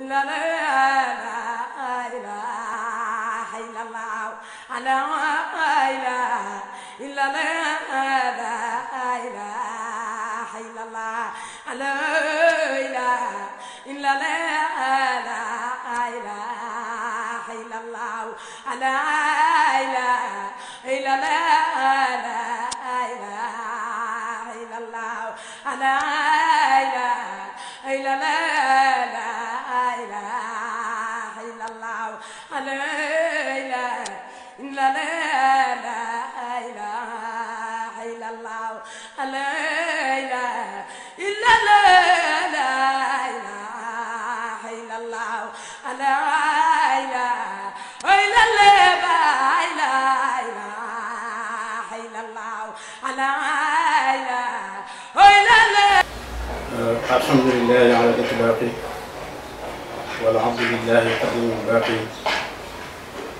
لا لا لا إله إلا الله أنا لا إله إلا لا إله إلا الله أنا لا إله إلا لا إله إلا الله أنا لا إله إلا لا إله إلا الله أنا لا إله إلا لا إلا لا لا إله إلا الله لا إله إلا لا إله إلا الله لا إله إلا الله الحمد لله على الإطلاق والعبد لله قديم باقي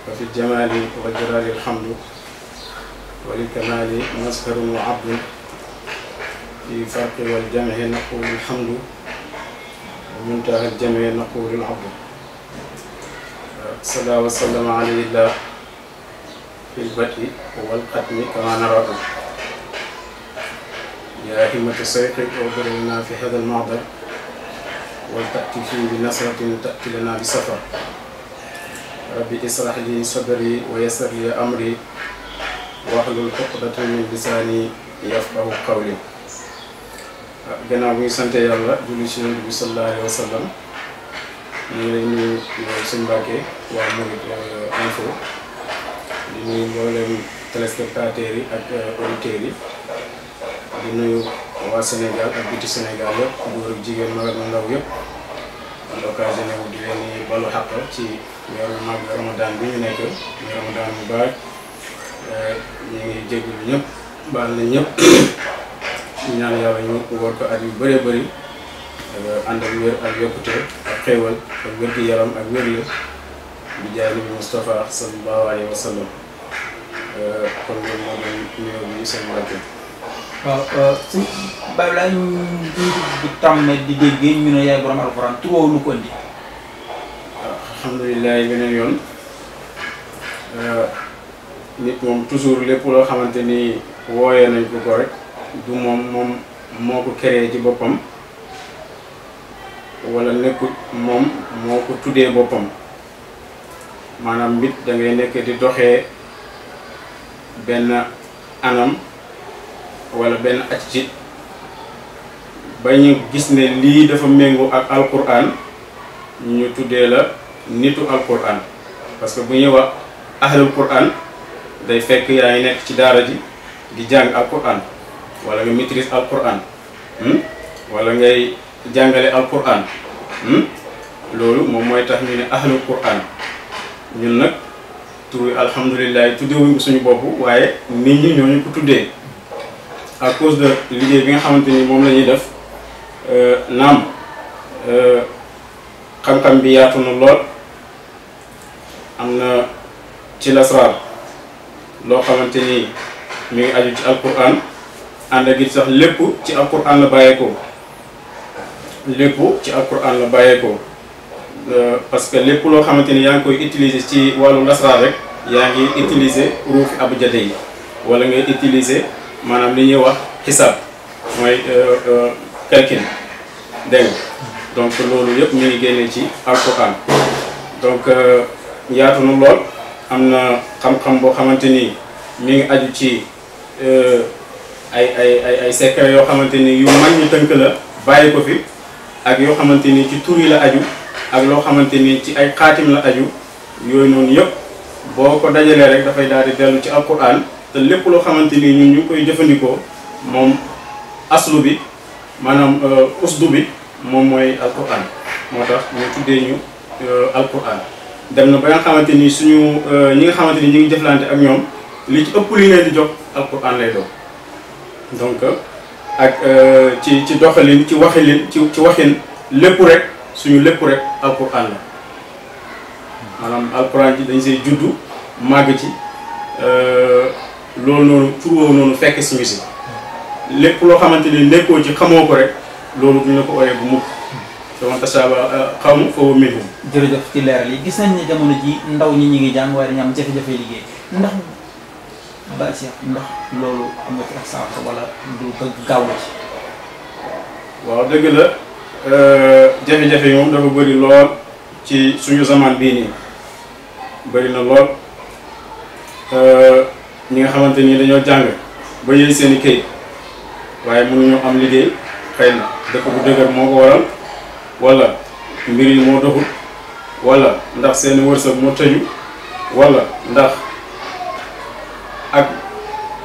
وفي الجمال والجلال الحمد وللكمال مزهر وعبد في فرق والجمع نقول الحمد ومنتهى الجمع نقول العبد صلى وسلم عليه الله في البدء والقدم كما نراه يا أهمة سيق اغفر في هذا المعبر ولتأتي فيه بنصرة تأتي لنا بسفر ربي اصلح لي صدري ويسر لي أمري واحلل عقدة من لساني يفقه قولي gannaaw bi ñu sant yàlla julli ci yonent bi sallallahu alayhi wa sallam ñu ngi lay nuyu suñu Mbàkke euh, info di nuyu mboolem téléspectateurs yi ak euh, auditeurs yi di nuyu waa Sénégal ak biti Sénégal yëpp góor ak jigéen mag ak ndaw yëpp en occasion di leen di balu xàq ci weeru mag Ramadan bi ñu nekk Ramadan bu baax euh, ñu ngi jégalu ñëpp baal nañ ñëpp. ñu ñaan yàlla ñu war ko at yu bëree bëri ànd ak wér ak yokkute ak xéewal ak wér-gi-yaram ak wérle bi jaay bi seen mbàkke waaw euh, sëñ Baye laa ñu di tàmme di déggee ñu ne yaay borom alxuraan tur woowu lu ko indi waaw yoon euh, nit moom toujours lépp loo xamante ni wooyee nañ ko ko rek du mom mom moko créé ci bopam wala nekut mom moko ko bopam manam maanaam da ngay nek di doxé ben anam wala ben attitude bañu gis né li dafa méngoo ak alquran ñu tuddee la nitu alquran parce que bu ñu wa ahlul quran day fekk yaay nek ci dara ji di jang alquran wala nga maîtrise alquran hmm? wala ngay jàngale alquran hmm? loolu moom mooy tax ñu ne ahlul quran ñun nag turu alhamdulilah tuddewuñ ko suñu bopp waaye nit ñi ñooñu ko tuddee à cause de liggéey bi nga xamante ni moom la ñuy def euh, naam euh, xam-xam bi yaatu na lool am na ci lasraar loo xamante ni mi ngi aju ci alquran ànd ak sax lepp ci alquran la bayeko lepp ci alquran la bàyyeekoo euh, parce que lepp lo xamanteni ni yaa koy utiliser ci walu nasra rek yaa ngi utiliser ruufi abjade yi wala ngay utiliser manam li ñuy wax xisaab mooy euh, euh, calcul dégg donc loolu yëpp mi ngi génne ci alquran donc yaatu na lool amna xam-xam bo xamanteni mi ngi aju ci. euh ay ay ay ay yoo xamante ni yu mag ñu tënk la bàyyi ko fi ak yoo xamante ni ci tur yi la aju ak loo xamante ni ci ay xaatim la aju yooyu noonu yëpp boo ko dajalee rek dafay daal di dellu ci alquran te lépp loo xamante nii ñu ngi koy jëfandikoo moom aslu bi maanaam euh, usdu bi moom mooy alquran moo tax ñu tuddee ñu euh, alquran dem na ba nga xamante ni suñu euh, ñi nga xamante ni ñu ngi jëflante ak ñoom li ci ëpp li leen di jox alquran lay doon. donc euh, ak euh, ci ci doxalin ci waxilin ci ci waxin lépp rek suñu lépp rek alquran la maanaam alquran ji dañ see juddu màgg ci euh, loolu noonu tur woowu noonu fekk suñu si lépp loo xamante ni nekkoo ci xamoo ko rek loolu duñ la ko ooyee bu mukk te man tasaaba xaw ma foofu minhum jërëjëf ci leeral yi gis nañ ne jamono ji ndaw ñi ñu ngi jàng waaye dañu am jafe liggéey ndax ba ci ndax loolu am nga ci ak sant wala du ko gaaw ci waaw dëgg la eh, jafe-jafe moom dafa bëri lool ci suñu zaman bii nii bëri na lool ñi eh, nga xamante ni dañoo jàng ba yëy seen i këyit waaye mënuñu am liggéey xëy na dëkk bu dëgër moo ko waral wala mbir yi moo doxul wala ndax seen wërsëg moo tëju wala ndax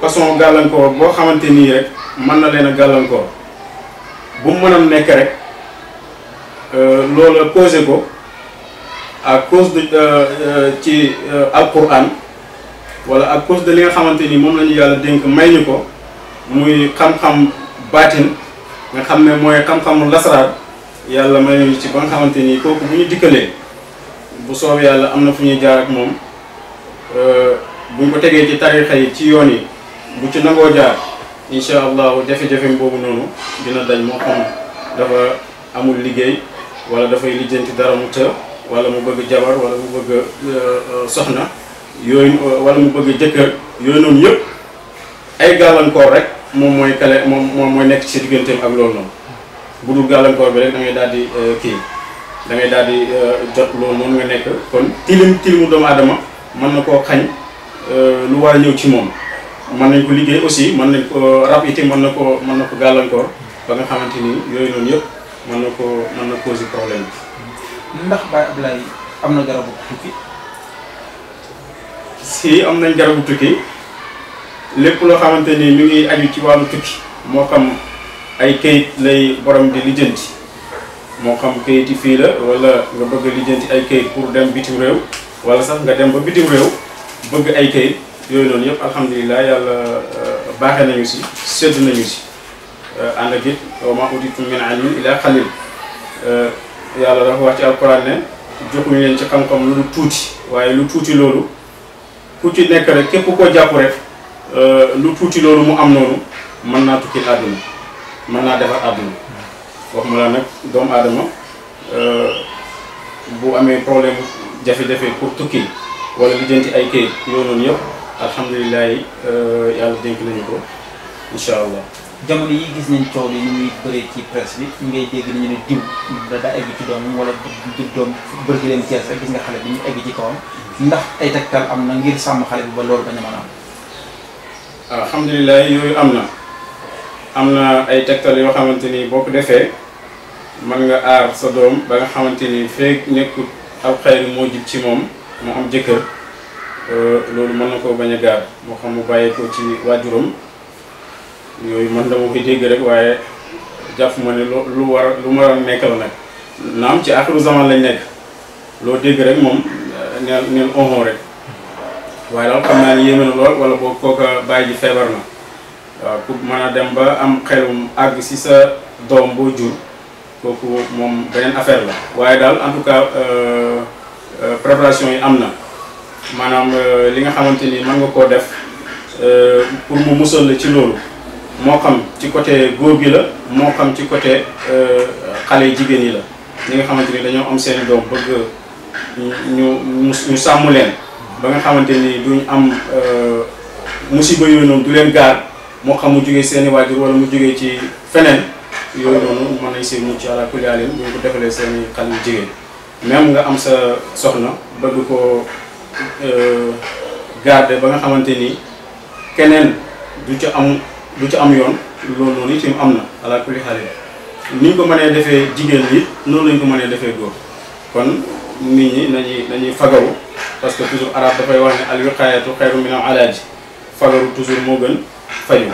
façon gàllankoor boo xamante nii rek mën na leen a gàllankoor bu mu mën a nekk rek euh, loola causé ko à cause de euh, euh, ci alquran wala ak cause de li nga xamante ni moom la yàlla dénk may ñu ko muy xam-xam baatin nga xam ne mooy xam-xamu lasaraar yàlla may ñu ci ba nga xamante ni kooku bu ñu dikkalee bu soob yàlla am na fu ñuy jaar ak moom bu ñu ko tegee ci tarixa yi ci yoon yi bu ci nangoo jaar incha allahu jafe-jafem boobu noonu dina dañ moo xam dafa amul liggéey wala dafay liggéey lijjanti dara mu të wala mu bëgg jabar wala mu bëgg euh, euh, soxna yooyu wala mu bëgg jëkkër yooyu noonu yëpp ay gàllankoor rek moom mooy kale moom moom mooy nekk ci digganteem ak loolu noonu bu dul gàllankoor bi rek da ngay daal di euh, kii dangay ngay daal di jot loolu moom nga nekk kon tilim tilimu doomu aadama mën na koo xañ lu war ñëw ci moom man nañ ko liggéey aussi mën nañ ko rab itam mën na ko mën na ko gàllankoor ba nga xamante ni yooyu noonu yëpp mën na ko mën na causer problème bi. ndax Baye Ablaye am na garabu tukki. si am nañ garabu tukki lépp la xamante ni mi ngi aju ci wàllu tukki moo xam ay kayit lay borom di lijjanti moo xam kayit yi fii la walla nga bëgg a lijjanti ay kayit pour dem bitim réew wala sax nga dem ba bitim réew bëgg ay kayit. yooyu noonu yëpp alhamdulilah yàlla euh, baaxee nañu yusi. sédd nañu si euh, ànd ak it wa ma utitum min ilmin illa qalil euh, yàlla dafa wax ci alquran ne joxuñu leen ci xam-xam lu tuuti waaye lu tuuti loolu ku ci nekk rek képp koo jàpp rek lu tuuti loolu mu am noonu mën naa tukki àdduna mën naa defar àdduna waxuma la Dom doomu aadama bu amee problème jafe-jafe pour tukki wala lijjanti ay kayit yoo noonu alhamdulilah yi euh, yàlla dénk nañu ko incha allah. jamono yi gis nañ coow yi ñu bëree ci presse bi ngay dégg nañu ne diw da daa egg ci doom wala du doom bëri ci leen Thiès rek gis nga xale bi ñu egg ci kawam ndax ay tegtal am na ngir sàmm xale bi ba loolu bañ a mën a am. alhamdulilah yooyu am na am na ay tegtal yoo xamante ni boo ko defee man nga aar sa doom ba nga xamante ni feeg nekkut aw xayri moo jib ci moom moo am jëkkër. Euh, loolu mën na koo bañ a gaar moo xam mu bàyyi ko ci waajuram yooyu man dama koy dégg rek waaye jàpp ma ne lu war lu ma a nekk la nag naam ci axiru zaman lañ nekk loo dégg rek moom neel euh, neel onhon rek waaye daal xam naa ne yéeme na lool wala boo kooka bàyyi ji feebar na waaw pour mën a dem ba am xelum àgg si sa doom boo jur kooku moom beneen affaire la waaye daal en tout cas euh, préparation yi am na maanaam euh, li nga xamante ni mën nga koo def euh, pour mu musal la ci loolu moo xam ci côté góor gi la moo xam ci côté euh, xale jigéen yi la li nga xamante ni dañoo am seen doom bëgg ñu ñu sàmm leen ba nga xamante ni duñ am musiba yooyu noonu du leen gaar moo xam mu jógee seen i waajur wala mu jógee ci feneen yooyu noonu mën nañ si mucc àla kulli haalin bu ñu ko defalee seen xale yu jigéen même nga am sa soxna bëgg ko Euh, garder ba nga xamante ni keneen du ca am du ca am yoon loolu noonu itam am na ala kulli xale ni ñu ko mënee defee jigéen ñi noonu lañ ko mënee defee góor kon nit ñi nañuy nañuy fagaru parce que toujours arab dafay wax ne al wiqaayatu xayru min al ilaaj fagaru toujours moo gën fayu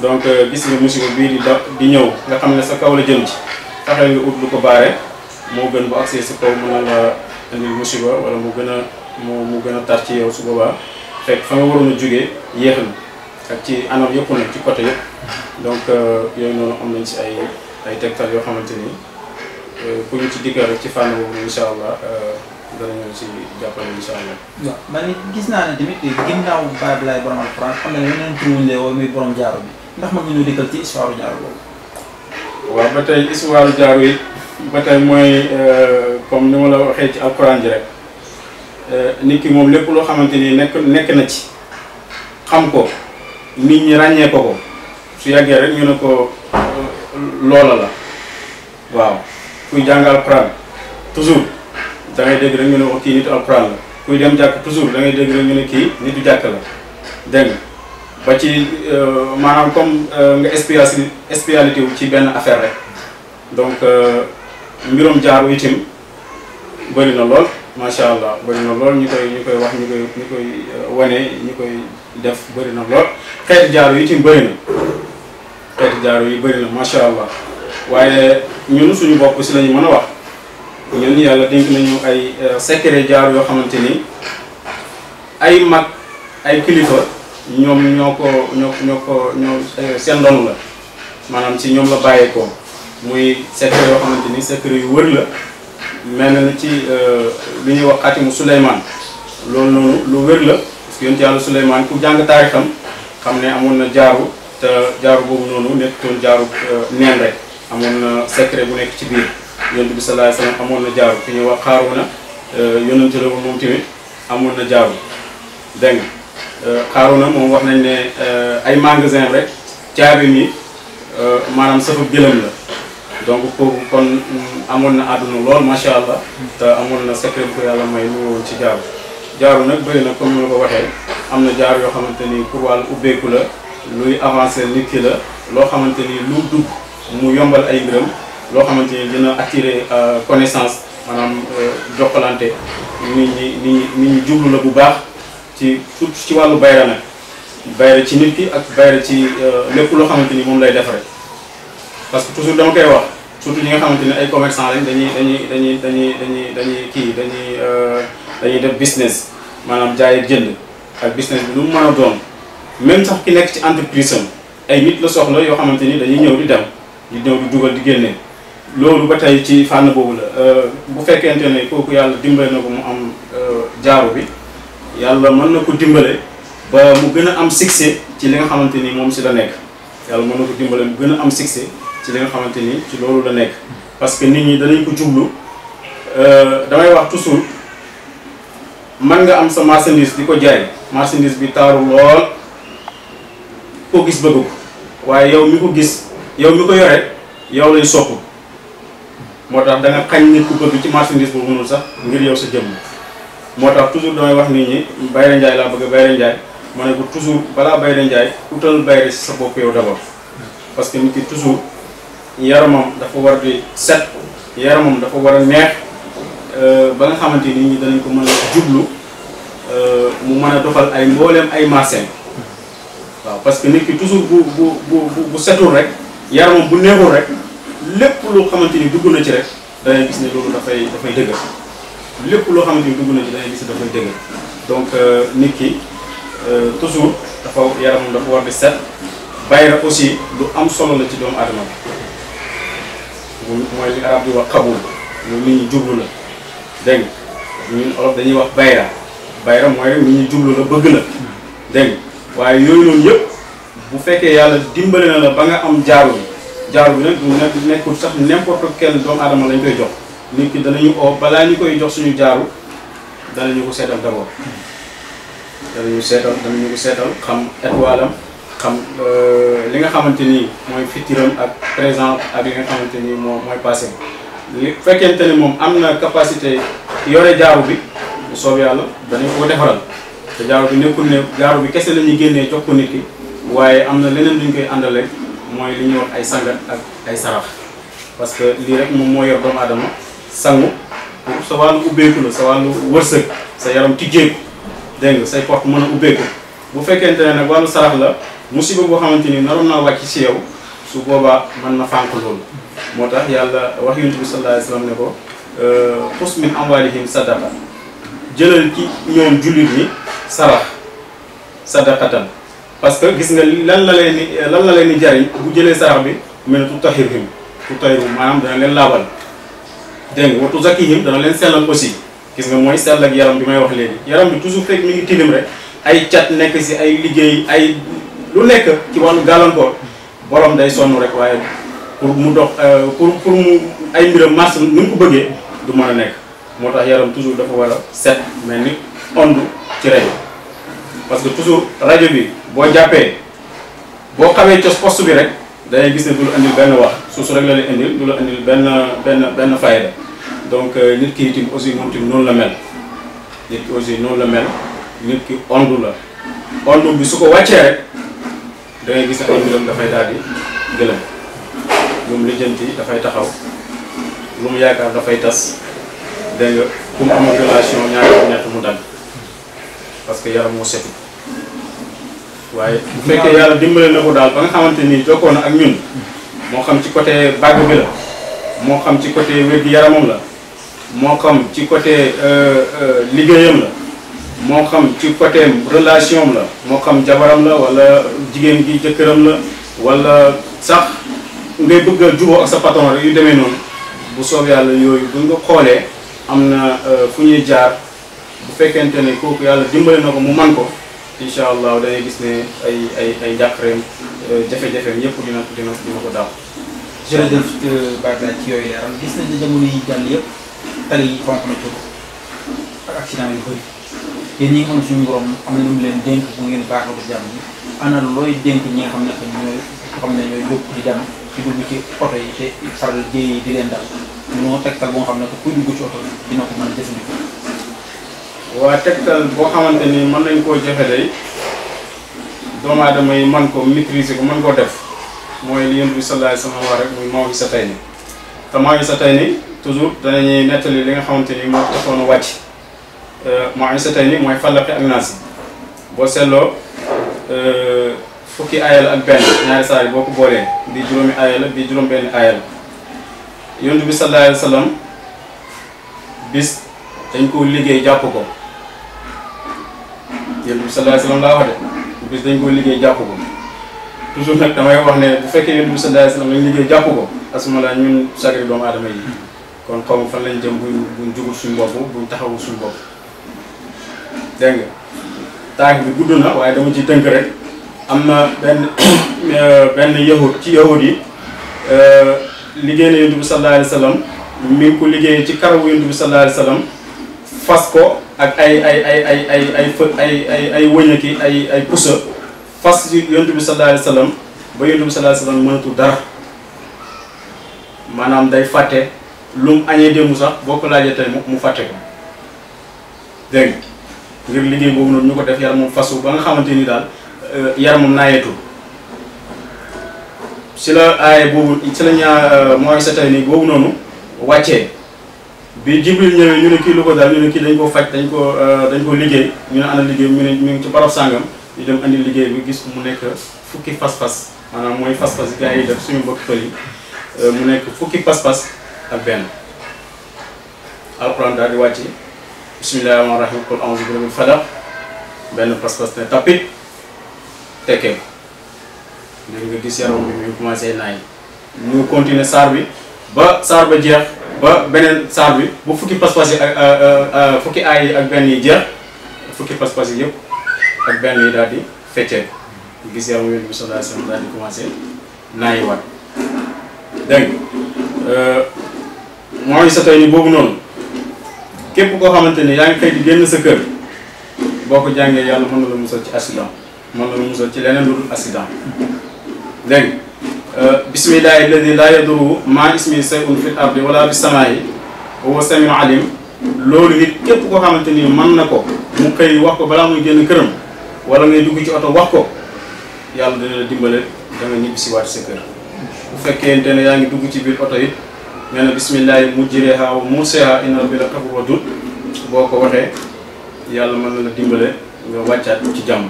donc euh, gis nga musiba bii di da di ñëw nga xam ne sa kaw la jëm ci taxee nga ut lu ko baare moo gën bu accès si kaw mën a la indil musiba wala mu gën a mu mu gën a tar ci yow su boobaa fekk fa nga waroon a jógee yéex na ak ci anam yëpp nag ci côté yëpp donc euh, yooyu noonu am nañ si ay ay tegtal yoo xamante ni euh, ku ñu ci dikkal rek ci fànn boobu incha allah euh, danañu si jàppale incha allah. waaw man it gis naa ne tamit ginnaaw Baye Blay borom alquran xam na ne yeneen tur wuñ lee woo muy borom jaaro bi ndax mën nga ñu dikkal ci histoire jaaro boobu. waaw ba tey histoire jaaro yi ba tey mooy comme ni ma la waxee ci alquran ji rek. Euh, nit ki moom lépp loo xamante ni nekk nekk na ci xam ko nit ñi ràññee ko ko su yàggee rek ñu ne ko euh, loola la waaw kuy jàng alxuraan toujours da ngay dégg rek ñu ne wax oh, kii nitu alxuraan la kuy dem toujours da ngay dégg ñu ne kii nitu jàkk la dégg ba ci euh, maanaam comme nga spécialité spécialité wu ci benn affaire rek donc mbirum jaaru itam bëri na lool macha allah bëri na lool ñu koy ñu koy wax ñu koy ñu koy euh, wane ñu koy def bëri na lool xeeti jaaro yi ci bëri na xeeti jaaro yu bëri na macha allah waaye ñun suñu bopp si la ñu mën a wax ñun yàlla dénk nañu ay euh, secret jaaro yoo xamante ni ay mag ay kilifa ñoom ñoo ko ñoo ko ñoo euh, seen doon la maanaam ci ñoom la bàyyeekoo muy secret yoo xamante ni secret yu wër la. mel na ni ci euh, lu ñuy wax xatimu Souleymane loolu noonu lu wér la parce que yonent yàlla Souleymane ku jàng taarixam xam ne amoon na jaaru te jaaru boobu noonu nekkutoon jaaru euh, neen rek amoon na secret bu nekk ci biir yonent bi sallallahu alayhi wasallam amoon na jaaru ki ñuy wax Xaaruuna euh, yonent la woon moom tamit amoon na jaaru dégg nga na moom wax nañ ne ay magasin rek caabi yi maanaam safa gëlëm la donc kooku kon mm, amoon na àdduna lool macha allah te amoon na secret bu ko yàlla may lu woon ci jaaru jaaru nag bëri na comme ni ma ko waxee am na jaaru yoo xamante ni pour wàll ubbeeku la luy avancer nit ki la loo xamante ni lu dugg mu yombal ay mbiram loo xamante ni dina attirer euh, connaissance maanaam euh, jokkalante nit ñi nit ñi nit ñi jublu la bu baax ci ci wàllu bayra nag bayra ci nit ki ak bayra ci euh, lépp loo xamante ni moom lay defaree parce que toujours dama koy surtout ñi nga xamanteni ay commerçant lañ dañuy dañuy dañuy dañuy dañuy dañuy kii dañuy euh, dañuy def business maanaam jaay ak jënd ak business bi lu mu mën a doon même sax ki nekk ci entreprise am ay nit la soxla yoo xamante ni dañuy ñëw di dem di ñëw di dugal di génne loolu ba tey ci fànn boobu la euh, bu fekkente ne kooku yàlla dimbale na ko mu am euh, jaaru bi yàlla mën na ko dimbale ba mu gën a am succès ci li nga xamante ni moom si la nekk yàlla mën na ko dimbale mu gën a am succès ci li nga xamante ni ci loolu la nekk parce que nit ñi danañ ko jublu euh, damay wax toujours man nga am sa marchandise di ko jaay marchandise bi taaru lool koo gis bëgg ko waaye yow mi ko gis yow mi ko yore yow lay sopp moo tax da nga xañ nit ku bëgg ci marchandise bu mënul sax ngir yow sa jëmm moo tax toujours damay wax nit ñi Bayre Ndiaye laa bëgg Bayre Ndiaye ma ne ko toujours balaa Bayre Ndiaye utal Bayre si sa bopp yow d'abord parce nit ki toujours yaramam dafa war di set yaramam dafa war neex euh ba nga xamanteni ni dañ ko mëna djublu jublu euh, mu mëna dofal ay mbooleem ay marseem waaw parce que nit ki toujours bu bu bu bu setul rek yaramam bu neexul rek lepp loo xamanteni ni na ci rek ngay gis lolu da fay da fay lépp lepp xamante ni duggu na ci ngay gis da fay dëgër donc euh, nit ki euh, toujours dafa yaramam dafa war di set bayra aussi lu am solo la ci doom adama muy mooy li arab di wax xabul muy lu ñuy jublu la dégg nga ñun olof dañuy wax bayra bayra mooy rek lu ñuy jublu la bëgg la dégg waaye yooyu noonu yëpp bu fekkee yàlla dimbali na la ba nga am jaaru bi jaaru bi nag du nekkul sax n'importe quel doomu aadama lañ koy jox nit ki danañu oo balaa ñu koy jox suñu jaaru danañu ko seetal d'abord danañu seetal danañu ko seetal xam étoile xam euh, li nga xamante ni mooy futuram ak present ak li nga xamante ni moo mooy passé li fekkente ni moom amna na capacité yore jaaru bi bu soob yàlla danañ ko defaral te jaaru bi nekkul ne jaaru bi kese la ñuy génnee jox ko nit ki waaye am na leneen duñ koy àndale mooy li ñuy wax ay sangat ak ay sarax parce que lii rek moom moo yor doomu aadama sangu pour sa wàllu ubbeeku la sa wàllu wërsëg sa yaram tijjeeku dégg say porte mën a bu fekkente ne nag sarax la musiba boo xamante ni naroon naa wàcc si yow su boobaa mën na fànq loolu moo tax yàlla wax yonent bi sallallahu ne ko euh, xus min amwalihim sadaqa jëlal ci ñoom jullit ñi sarax sadaqatan parce que gis nga lan la leen ni lan la leen ni jariñ bu jëlee sarax bi mel ne tutahhirhum tutahhirhum maanaam dana leen laabal dégg nga wa tuzakkihim dana leen sellal aussi gis nga mooy sell ak yaram bi may wax léegi yaram bi toujours fekk mi ngi tilim rek ay cat nekk si ay liggéey ay lu nekk ci wàllu gàllankoor borom day sonn rek waaye pour mu dox euh, pour pour mu ay mbiram mars ni mu ko bëggee du mën a nekk moo tax yaram toujours dafa war a set mel ni ondu ci parce que toujours rajo bi boo jàppee boo xawee cos poste bi rek dangay gis ne du la indil benn wax su rek la lay indil du la indil benn benn benn fayda donc euh, nit ki itam aussi moom itam noonu la nit ki aussi noonu la mel nit ki ondu la ondu bi su ko wàccee rek da gis gis ay mbiram dafay daal di gëlëm lu mu lijjanti dafay taxaw lu mu yaakaar dafay tas dégg nga ku mu amul relation ñaari ñett mu dagg parce que yaram moo setu waaye bu fekkee yàlla dimbale na ko daal ba nga xamante ni jokkoo na ak ñun moo xam ci côté bàgg bi la moo xam ci côté wér-gi-yaramam la moo xam ci côté euh, euh, liggéeyam la moo xam ci côté relation la moo xam jabaram la wala jigéen gi jëkkëram la wala sax ngay bëgg juboo ak sa patron rek yu demee noonu bu soob yàlla yooyu buñ ko xoolee am na euh, fu ñuy jaar bu fekkente ne kooku yàlla dimbale na ko mu man ko incha allah dangay gis ne ay ay ay njàqareem euh, jafe-jafeem yëpp dina dina dina ko daaw. jërëjëf euh, Barda ci yooyu leeral gis nañ ne jamono yi jàll yëpp tali yéen ñi nga xam borom am na lu mu leen dénk bu ngeen baax ko jàmm bi ana looy dénk ñi nga xam ne ñooy xam ne ñooy jóg di dem ci dugg ci oto te faral jéey ne que kuy dugg ci oto dina ko mën a boo xamante ni man nañ koo jafe day doomu aadama yi man ko maîtriser ko man koo def mooy li yonent bi sallallahu alayhi wasallam wax sa tey nii te maaw yi sa tey nii toujours danañuy nettali li nga xamante ni moo taxoon a wàcc. Euh, mooy sa tey ni mooy fallaqi ak naas boo seetloo euh, fukki aaya la ak benn ñaari saa yi boo ko boolee bi juróomi aaya bii bi juróom benn aaya la bi sallallahu alayhi bis dañ ko liggéey jàpp ko yonent bi laa wax bis dañ ko liggéey jàpp ko toujours nag damay wax ne bu fekkee yonent bi sallallahu alayhi wa sallam liggéey jàpp ko asuma la ñun sagari doomu aadama yi kon xaw ma fan lañ jëm buñ buñ jugul suñu bopp buñ taxawul suñu bopp dégg nga taax bi gudd na waaye dama ci tënk rek am na benn euh, benn yahud ci yahud yi euh, liggéey na yonent bi sallallahu alayhi wa sallam mi ngi ko liggéey ci karawu yonent bi sallallahu alayhi wa sallam fas ko ak ay ay ay ay ay ay fë ay ay ay ay ay pusa fas yonent bi sallallahu alayhi wa sallam ba yonent bi sallallahu alayhi wa sallam mënatul dara maanaam day fàtte lu mu añee démb sax boo ko laajee tey mu fàtte ko dégg ngir liggéey boobu noonu ñu ko def yar moom fasu ba nga xamante ni daal euh, yar moom naayeetul si la aaye boobu si la ñaa euh, mooy sa nii boobu noonu wàcce bi Jibril ñëwee ñu ne kii lu ko daal ñu ne kii dañ ko faj dañ ko euh, dañ ko liggéey ñu ne ana liggéey mu ne mu ngi ci barab sàngam ñu dem andi liggéey bi gis mu nekk fukki fas-fas maanaam mooy fas-fas gars yi def suñu mbokk pël mu nekk fukki fas-fas ak benn alxuraan daal di wàccee bisimilah rahmaani rahiim qul a'uuzu bi rabbil benn pas-pas ne tapit tekkee nga gis yaram bi muy commencé naay ñu continuer saar bi ba saar ba jeex ba beneen saar bi bu fukki pas yi ak euh, euh, euh, fukki aay yi ak benn yi jeex fukki pas yi yëpp ak benn yi daal di feccee ko gis yaram bi sallallahu alayhi wa sallam daal di commencé naayiwaat dégg nga mooy sa tey ni boobu noonu. képp koo xamante ne yaa ngi xëy di génn sa kër boo ko jàngee yàlla mën na la musal ci accident mën na la musal ci leneen lu dul accident dégg euh, bismillahi alladi laa yaduru maa ismi sayun fil ardi wala bis samaayi huwa samiu alim loolu nit képp koo xamante ni mën na ko mu xëy wax ko balaa muy génn këram wala ngay dugg ci oto wax ko yàlla dina la dimbale da nga ñibbisiwaat sa kër bu fekkente ne yaa ngi dugg ci biir oto yi nee na bisimillahi mujjireeha wa muuseha inna rabbi la xafur wadud boo ko waxee yàlla mën na la dimbale nga wàccaat ci jàmm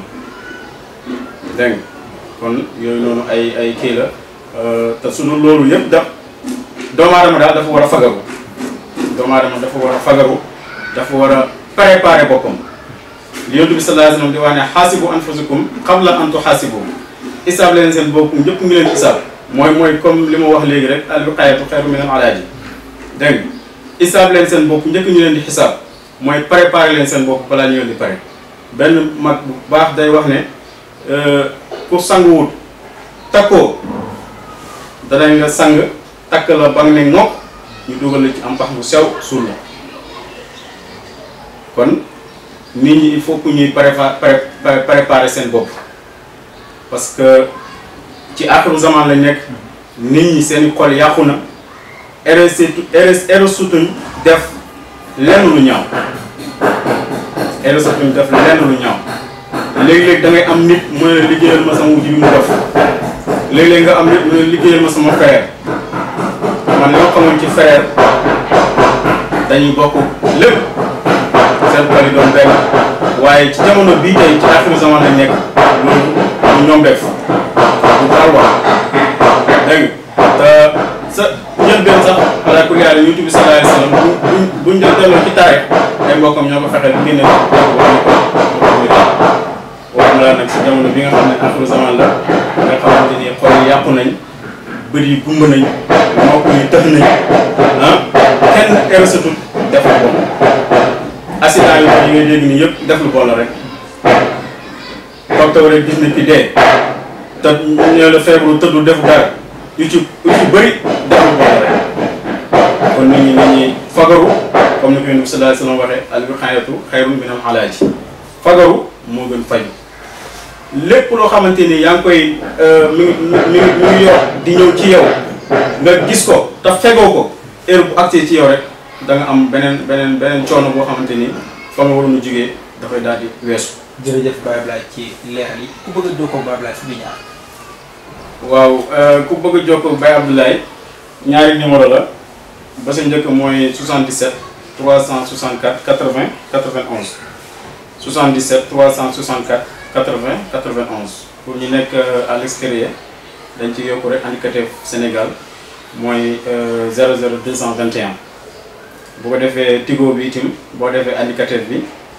dégg kon yooyu noonu ay kii la euh, te sunu loolu yëpp daf doomu daal dafa war a fagaru doomu aadama dafa war a fagaru dafa war a préparer boppam yonent bi sallallahu alayhi wasallam di wax ne xaasibu anfusakum qabla an tuxaasibu isaab leen seen bopp ñëpp ngi leen isaab mooy mooy comme li ma wax léegi rek al wiqaayatu xayru min al ilaaj dégg nga xisaab leen seen bopp njëkk ñu leen di xisaab mooy préparer leen seen bopp balaa ñu leen di pare benn mag bu baax day wax ne euh, ku sanguwut takkoo danañ la sang takk la ba nga ne ŋokk ñu dugal la ci am pax bu sew suul la kon nit ñi il faut ñuy prépa seen bopp parce ci aaxiru zaman lañ nekk nit ñi seen i xol yàqu na RSC RSC def lenn lu ñaaw RSC def lenn lu ñaaw léeg-léeg da ngay am nit mu ne liggéeyal ma sama wujj bi mu def léeg-léeg nga am nit mu ne liggéeyal ma sama frère man loo xamoon ci frère dañuy bokk lépp seen xol yi doon benn waaye ci jamono bii tey ci aaxiru zaman lañ nekk loolu. ñoom ñoom def bu te sa ñën benn sax ala ku yàlla yonent bi sallallahu alayhi wasallam buñ buñ def delloo ci taarix ay mbokkam ñoo ko fexeel génne waxam laa nag si jamono bi nga xam ne axiru zaman la nga xamante ni xol yi yàqu nañ bët yi gumb nañ yi tëx nañ ah kenn kenn satul defal bon accident yi nga dégg nii yëpp def lu rek taw rek gis nañ fi dee te ñu ne la feebaru tëdd def dara yu ci yu ci bëri deful wala rek kon nit ñi nit ñi fagaru comme ni ko yonent bi sallallahu alayhi wa sallam waxee al wiqaayatu xayrun minal ilaaj fagaru moo gën faju lépp loo xamante ni yaa ngi koy euh, mi mi mi yor di ñëw ci yow nga gis ko te fegoo ko heure bu àgsee ci yow rek danga am beneen beneen beneen coono boo xamante ni fa nga waroon a dafay daal di weesu. jërëjëf Baye Ablaye ci leeral yi ku bëgg a jokkoo Baye Ablaye fi ñaar. waaw euh, ku bëgg a jokkoo Baye Ablaye ñaari numéro la ba sa njëkk mooy 77 364 80 91 77 364 80 91 pour ñu nekk euh, à l'extérieur dañ ci yokk rek Handicapés Sénégal mooy 00221 euh, bu ko defee Tigo bi itam boo defee bi.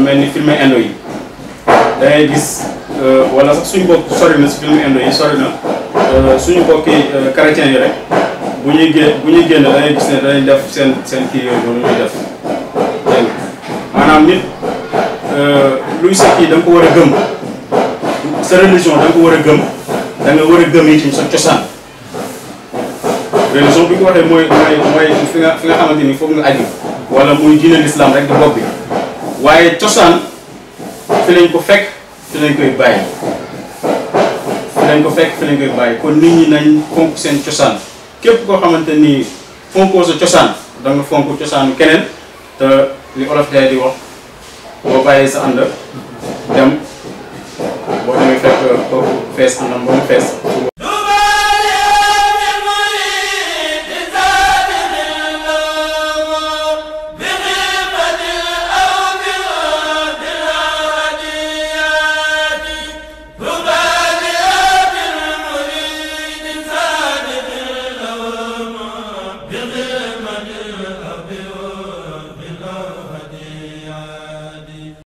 lu mel ni filmé indo yi da ngay gis euh, wala sax suñu bopp sori na si filmé indo yi sori na euh, suñu bokki euh, chrétiens yi rek bu ñuy génn bu ñuy génn da ngay gis ne danañ def seen seen kii yooyu noonu ñuy def dégg maanaam nit luy sa kii da ko war a gëm sa religion da ko war a gëm da nga war a gëm itam sa cosaan religion bi ñu ko waxee mooy mooy mooy fi nga fi nga xamante ni foofu nga aju wala muy diine l'islam rek di bopp bi waaye cosaan fi lañ ko fekk fi lañ koy bàyyi fi lañ ko fekk fi lañ koy bàyyi kon nit ñi nañ fonk seen cosaan képp koo xamante ni fonkoo sa cosaan da fonk cosaanu keneen te li olof day di wax boo bàyyee sa ànd dem boo demee fekk kooku fees àndam ba mu fees